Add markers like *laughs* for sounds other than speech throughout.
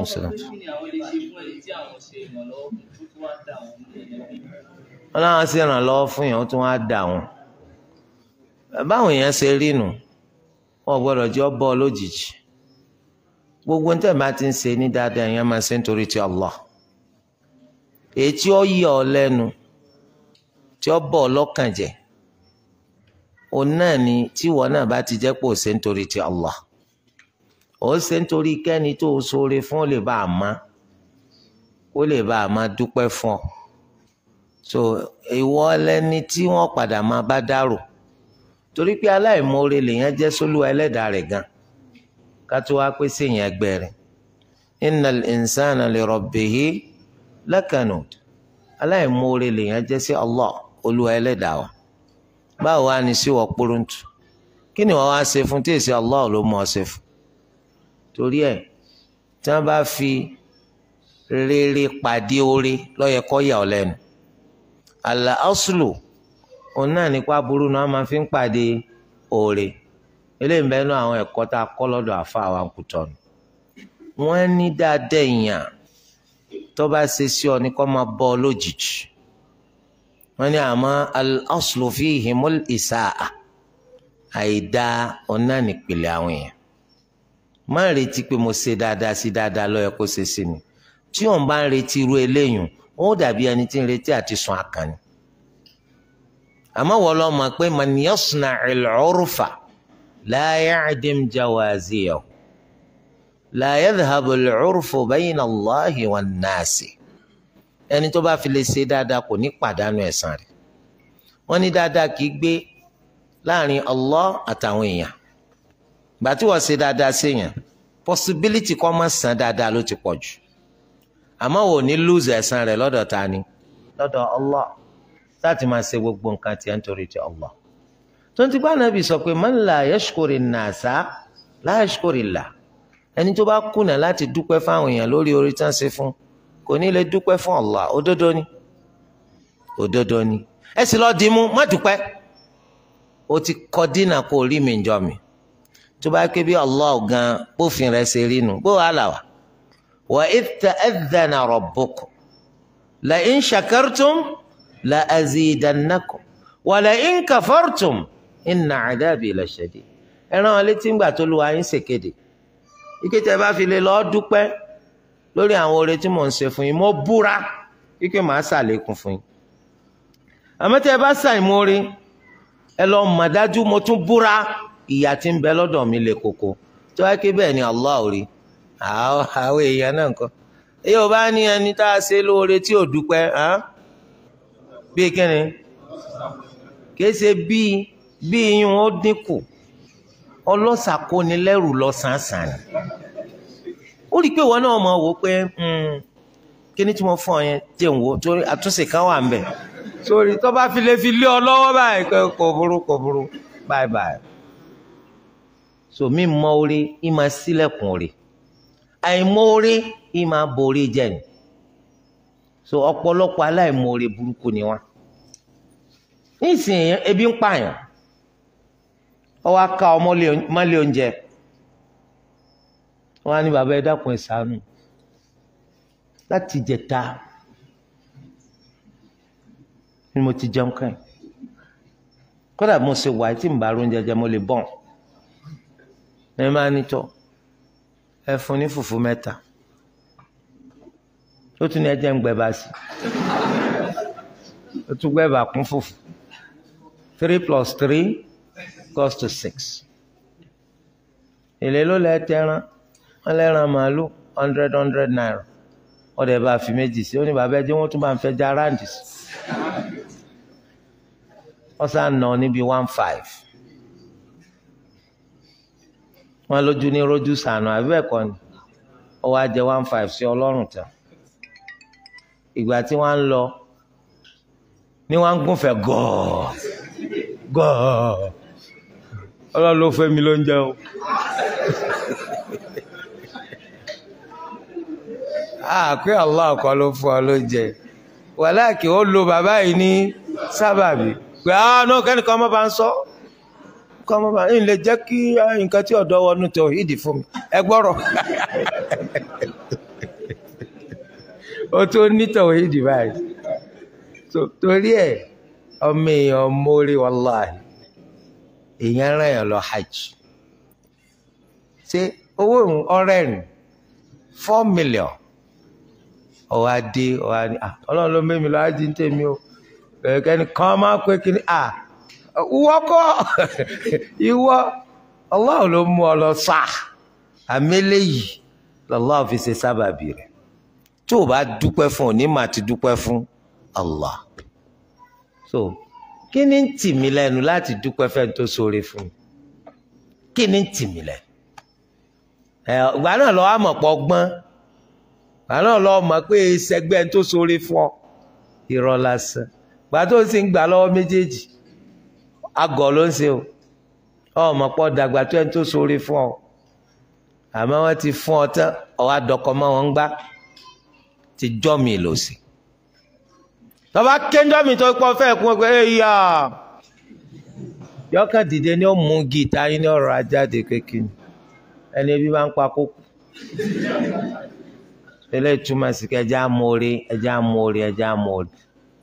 concernante. wọ́n láwọn sì ràn lọ́wọ́ fún yẹn ó tún wá dà wọ́n báwọn èèyàn ṣe rí nù wọn gbọ́dọ̀ jọ bọ́ lójijì gbogbo níta bá ti ń ṣe ní dáadáa èèyàn máa ṣe nítorí ti Allah èyí tí ó yọ ọ lẹ́nu tí ó bọ̀ lọ́kàn jẹ́ òun náà ni tíwọ́ náà bá ti jẹ́ pò ṣe nítorí ti Allah ó ṣe nítorí kẹ́ni tó ṣoore fún ó lè bá a má ó lè bá a má dúpẹ́ fún ọ so ìwọ lẹni tí wọ́n padà máa bá dárò torí pé aláìmoore lèèyàn jẹ́ sólúwa ẹlẹ́dàá rẹ̀ gan ká tó wá pé séèyàn ẹgbẹ́ rẹ̀ innal insana li rabbihi lakanud aláìmoore lèèyàn jẹ́ sí Allah olúwa ẹlẹ́dàá wa báwo wá ní sí wọ́n pọ́rọ́ǹtù kí ni wọ́n wá ṣe fún tí èsì Allah ló mọ̀ ọ́ ṣe fún torí ẹ̀ tí wọ́n bá fi rere pàdé oore lọ́yẹ kọ́ yà ọ́ lẹ́nu àlà ọ́sùlù òun náà nípa burú náà máa fi ń pàdé oore eléyìí bẹ́ẹ̀ náà àwọn ẹ̀kọ́ tá a kọ́ lọ́dọ̀ àfa àwọn akutọ̀nù wọ́n ní dáadáa èèyàn tó bá ṣe sí ọ ní kó máa bọ́ ọ lójijì wọ́n ní àmọ́ al-aslu fihimul isa'a àìdá ọ̀nà nípìnlẹ̀ àwọn èèyàn má retí pé mo ṣe dáadáa sí dáadáa ló yẹ kó ṣe sí mi tí òun bá ń retí irú eléyìí ó dàbí ẹni tí ń retí àti sun àkànni àmọ́ wọ́n lọ mọ̀ pé man yasna'il 'urfa la ya'dim jawaziyahu la yadhhabu al-'urfu bayna Allahi wan ẹni tó bá fi lè ṣe dáadáa kò ní pàdánù ẹ̀san rẹ̀ wọ́n ní dáadáa kì í gbé láàrin Allah àtàwọn èèyàn gbà tí wọ́n ṣe dáadáa séèyàn possibility kọ́ mọ́ san dáadáa ló ti pọ̀ jù àmọ́ wò ní lose ẹ̀san rẹ̀ lọ́dọ̀ ta ni lọ́dọ̀ Allah láti máa ṣe gbogbo nǹkan tiẹ̀ nítorí ti Allah tó ń ti sọ pé man la yashkuri nasa la yashkuri Allah ẹni tó bá kùnà láti dúpẹ́ fáwọn èèyàn lórí orí tán ṣe fún kò ní lè dúpẹ́ fún Allah òdodo ni òdodo ni ẹ sì lọ́ọ́ dimú má dúpẹ́ o ti kọ dínà kó rí mi jọ mi tó bá ké bí Allah gan bófin rẹ̀ ṣe rí nu bó wàá là wá. wa idh ta'adhana rabbukum la in shakartum la azidannakum wa la in kafartum inna adabi la shadid. ẹran wọn létí ńgbà tó lu wa yín ṣèkéde ìkété bá fi lè lọ́ọ́ dúpẹ́ lórí àwọn oore tí mò ń ṣe fún yín mo búra kíkẹ́ màá ṣàlékún fún yín àmọ́ bá ṣàìmóore ẹ lọ́ọ́ mọ̀ dájú mo tún búra ìyà tí ń bẹ lọ́dọ̀ mi lè koko tó wá ké bẹ́ẹ̀ ni Allah ò rí àwọn èèyàn náà nǹkan èyí ò bá ní ẹni tá a ṣe lóore tí ò dúpẹ́ bí kíni kìí ṣe bí bí iyún ó dínkù ọlọ́sàkónilẹ́rù lọ́sàn-án ó rí i pé ìwọ náà mọ̀ wò pé hmm, kíní tí mo fún ọ yẹn jẹ́ òun wò torí àtúnṣe kan wà ń bẹ̀ sórí tó bá fi lè fi lé ọ lọ́wọ́ báyìí kò burú kò burú bye bye so mi mọ orí í máa sílẹ̀kùn orí àìmọ orí í máa borí jẹ ni so ọ̀pọ̀lọpọ̀ aláìmọ orí burúkú ni wọ́n nísìnyí ebi ń pààyàn ọwọ́ ká ọmọ mọ́lé oúnjẹ wọ́n ní bàbá ẹ dákun ẹ ṣàánú láti jẹta ni mo ti jẹun kàn kódà mo ṣe wà tí n bá ronú jẹjẹ mo lè bọ̀n. Bon ẹ máa nítọ ẹ fún ní fùfú mẹ́ta ó tún ní ẹ jẹ́ ń gbẹ̀bà sí ó tún gbẹ̀bà kún fùfú three plus three goes to six èlé ló lẹ tẹran wọn lẹran màálù hundred hundred naira wọn dẹ bá fi méjì sí ó ní bàbá ẹjẹ wọn tún bá ń fẹjá ráǹdì sí wọn sá nà níbi one five wọn lójú ní rojú sànù àbí ẹ̀kọ́ ni ó wá jẹ one five sí ọlọ́run tán ìgbà tí wọ́n ń lọ ni wọ́n ń gúnfẹ̀ gọ̀ọ́ gọ̀ọ́ ọlọ́run ló fẹ́ mi ló ń jẹun. *laughs* àpé ah, Allah kan ló fún ọ ló jẹ wàláàkì ó lo bàbá yìí ní sábàbí pé àánú ah, kẹ́nìkan ọmọ bá ń sọ. So kọ́ mọ́ bá ń lè jẹ́ kí nǹkan tí ọ̀dọ́ wọnú tọ̀hídì fún mi ẹ gbọ́rọ̀ o *laughs* tó ní tọ̀hídì báyìí torí ẹ̀ ọmọ èèyàn mórí wàláhì èèyàn rán èèyàn lọ hajj ṣé owó ọrẹ́rìn four million ọ̀wá dé ọ̀wá ní ah, ọlọ́run ló mẹ́mi lọ́wọ́ á di ní tèmi o kẹ́ni kan máa pé kí ni Ah ìwọ kọ́ ìwọ Allah ló mú ọ lọ sá àmẹ́lẹ́ yìí lọ́lá fi ṣe sábàbí rẹ̀ tí o bá dúpẹ́ fún ọ ní màá ti dúpẹ́ fún Allah so kí ni ń tì mí lẹ́nu láti dúpẹ́ fẹ́ tó sóore fún mi kí ni ń tì mí lẹ́nu ẹ ìgbà náà lọ́wọ́ àmọ̀ pọ̀ gbọ́n ìgbà náà lọ́wọ́ mọ̀ pé sẹgbẹ́ tó sóore fún ọ irọ́ lásán ìgbà tó sì ń gbà lọ́wọ́ méjèèjì agọ̀ ló ń ṣe o ọmọ pọ̀ dàgbà tó ẹni tó sóore fún ọ àmọ́ wọ́n ti fún ọ tán ọ̀wá dọ̀kọ̀ mọ́ wọn gbá ti jọ́ mi lò sí. tọ́ba kéńjọ́ mi tó pọ̀ fẹ́ kún ẹgbẹ́ ẹ̀yà yọkàn dìde ni ó mú gìtá yín ní ọ̀rọ̀ ajáde kékeré ẹni ebi máa ń pa kókó eléyìí túmọ̀ sí kí ẹja amóore ẹja amóore ẹja amóore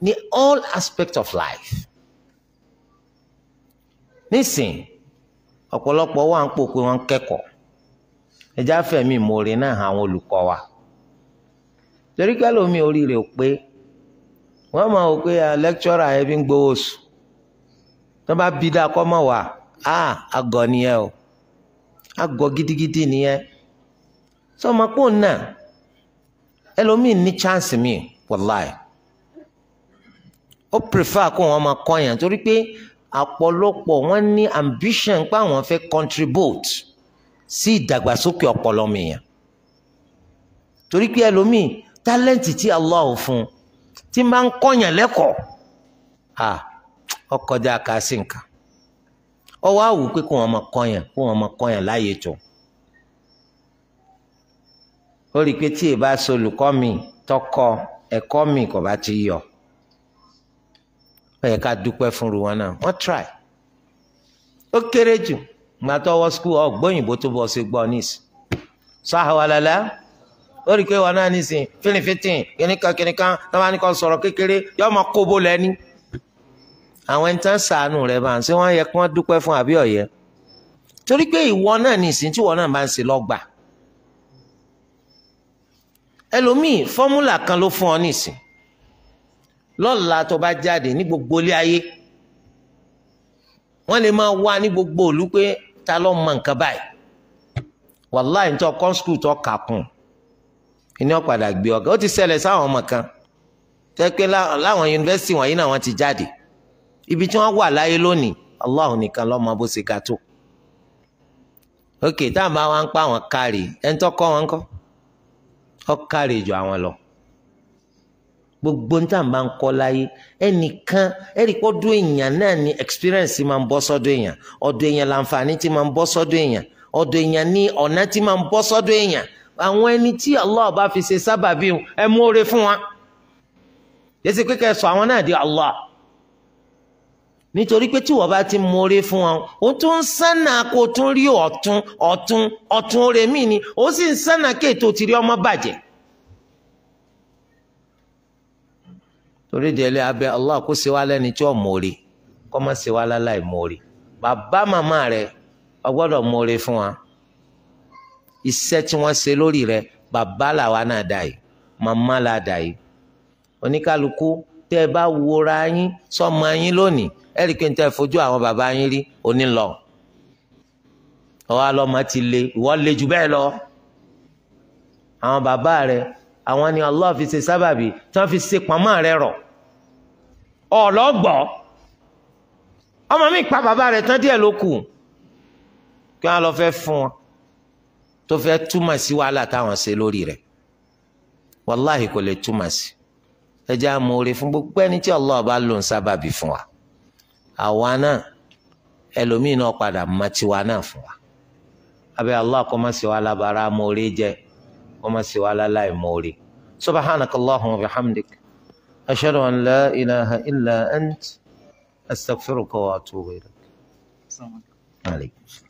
ní all aspect of life nísìn ọ̀pọ̀lọpọ̀ wà ń pò wọn kẹ́kọ̀ọ́ ẹjẹ́ àfẹ̀mí ìmoore náà àwọn olùkọ́ wa torí kẹ́lòmí oríire ò pé wọ́n máa wò pé lẹ́kítọ́rà ẹbí ń gbowó sùn tó bá bí dáa kọ́ mọ̀ wá àgọ́ nìyẹn o àgọ́ gidigidi nìyẹn náà ẹlòmíì ní chance mi wàláì ó prefer kó wọn máa kọyàn torí àpọ̀lọpọ̀ wọ́n ní ambition pé àwọn fẹ́ contribute sí ìdàgbàsókè ọpọlọ mìíràn torí pé ẹlòmíì tálẹ́ǹtì tí Allah fún tí máa ń kọ́yàn lẹ́kọ̀ọ́ à ọkọjá ká sí nǹkan ọwọ́ àwù pé kó wọn máa kọ́yàn kó wọn máa kọ́yàn láàyè tó ó rí i pé tí ì bá solùkọ́ mi tọkọ ẹ̀kọ́ mi kò bá ti yọ ó yẹ ká dúpẹ́ fún ru wọn náà wọ́n try ó kéré jù gbà tó wọ́ skul ọ̀gbọ́yìnbó tó bọ́ sí gbọ́ níìsì sáhàwálálá ó rí i pé wọn náà níìsín fílìfítìn kìnìkan kìnìkan táwọn ní kan sọ̀rọ̀ kékeré yóò máa kóbó lẹ́ni àwọn ẹni tán sàánù rẹ bá ń ṣe wọn yẹ kí wọn dúpẹ́ fún àbí ọyẹ torí pé ìwọ náà nìsín tí ìwọ náà bá ń ṣe lọgbà ẹlòmíì fọ́múlà kan ló fún ọ nìsín lọ́la tó bá jáde ní gbogbo ilé ayé wọ́n lè máa wá ní gbogbo òlu pé ta ló mọ nǹkan báyìí wàláì tó kọ́ skul tó kà kún iná padà gbé ọ̀gá ó ti ṣẹlẹ̀ sáwọn ọmọ kan tẹ́ pé láwọn yunifásitì wọ̀nyí náà wọ́n ti jáde ibi tí wọ́n wà láyé lónìí Allah nìkan lọ́mọ bó ṣe ga tó ok táwọn bá wá ń pa àwọn kárì ẹni tó kọ́ wọn kọ́ ọ kárì ju àwọn lọ. gbogbo níta máa ń kọ́ láyé ẹnìkan ẹ̀ríkọ́ ọdún èèyàn náà ni experience máa ń bọ́ sọ́dọ̀ èèyàn ọ̀dọ̀ èèyàn làǹfààní ti máa ń bọ́ sọ́dọ̀ èèyàn ọ̀dọ̀ èèyàn ni ọ̀nà ti máa ń bọ́ sọ́dọ̀ èèyàn àwọn ẹni tí Allah bá fi ṣe sábàbí ẹ mú oore fún wa yẹsẹ pé kẹsọ àwọn náà di Allah nítorí pé tí wọ́n bá ti mọ̀ọ́rẹ́ fún wọn ó torí délé abẹ Allah kó ṣe wá lẹ́ni tí ó mòrè kó má ṣe wá láláì mòrè bàbá màmá rẹ ọgbọ́dọ̀ mòrè fún wa iṣẹ́ tí wọ́n ṣe lórí rẹ bàbá làwa náà dà yìí màmá là dà yìí oníkálukú tẹ́ ẹ bá wora yín sọ́mọ yín lónìí ẹ rí i n tẹ́ fojú àwọn bàbá yín rí òní ọwọ́ alọ́mọ ti le ìwọ le jù bẹ́ẹ̀ lọ àwọn bàbá rẹ àwọn ni Allah fi ṣe sábàbí tí wọ́n fi ṣe pamọ́ rẹ rọ̀. ọlọ́gbọ́ ọmọ mi pa bàbá rẹ̀ tán díẹ̀ ló kù kí wọ́n lọ fẹ́ fún wọn tó fẹ́ túmọ̀ sí wàhálà táwọn ṣe lórí rẹ̀ wàláhì kò lè túmọ̀ sí ẹ jẹ́ amóore fún gbogbo ẹni tí Allah bá lò ń sábàbí fún wa àwa náà ẹlòmíì náà padà mọ tiwa náà fún wa abẹ́ Allah kó má ṣe wa lábàárà amóore jẹ́ kó má ṣe wa láláì móore subhanakallahumma wa أشهد أن لا إله إلا أنت أستغفرك وأتوب إليك السلام عليكم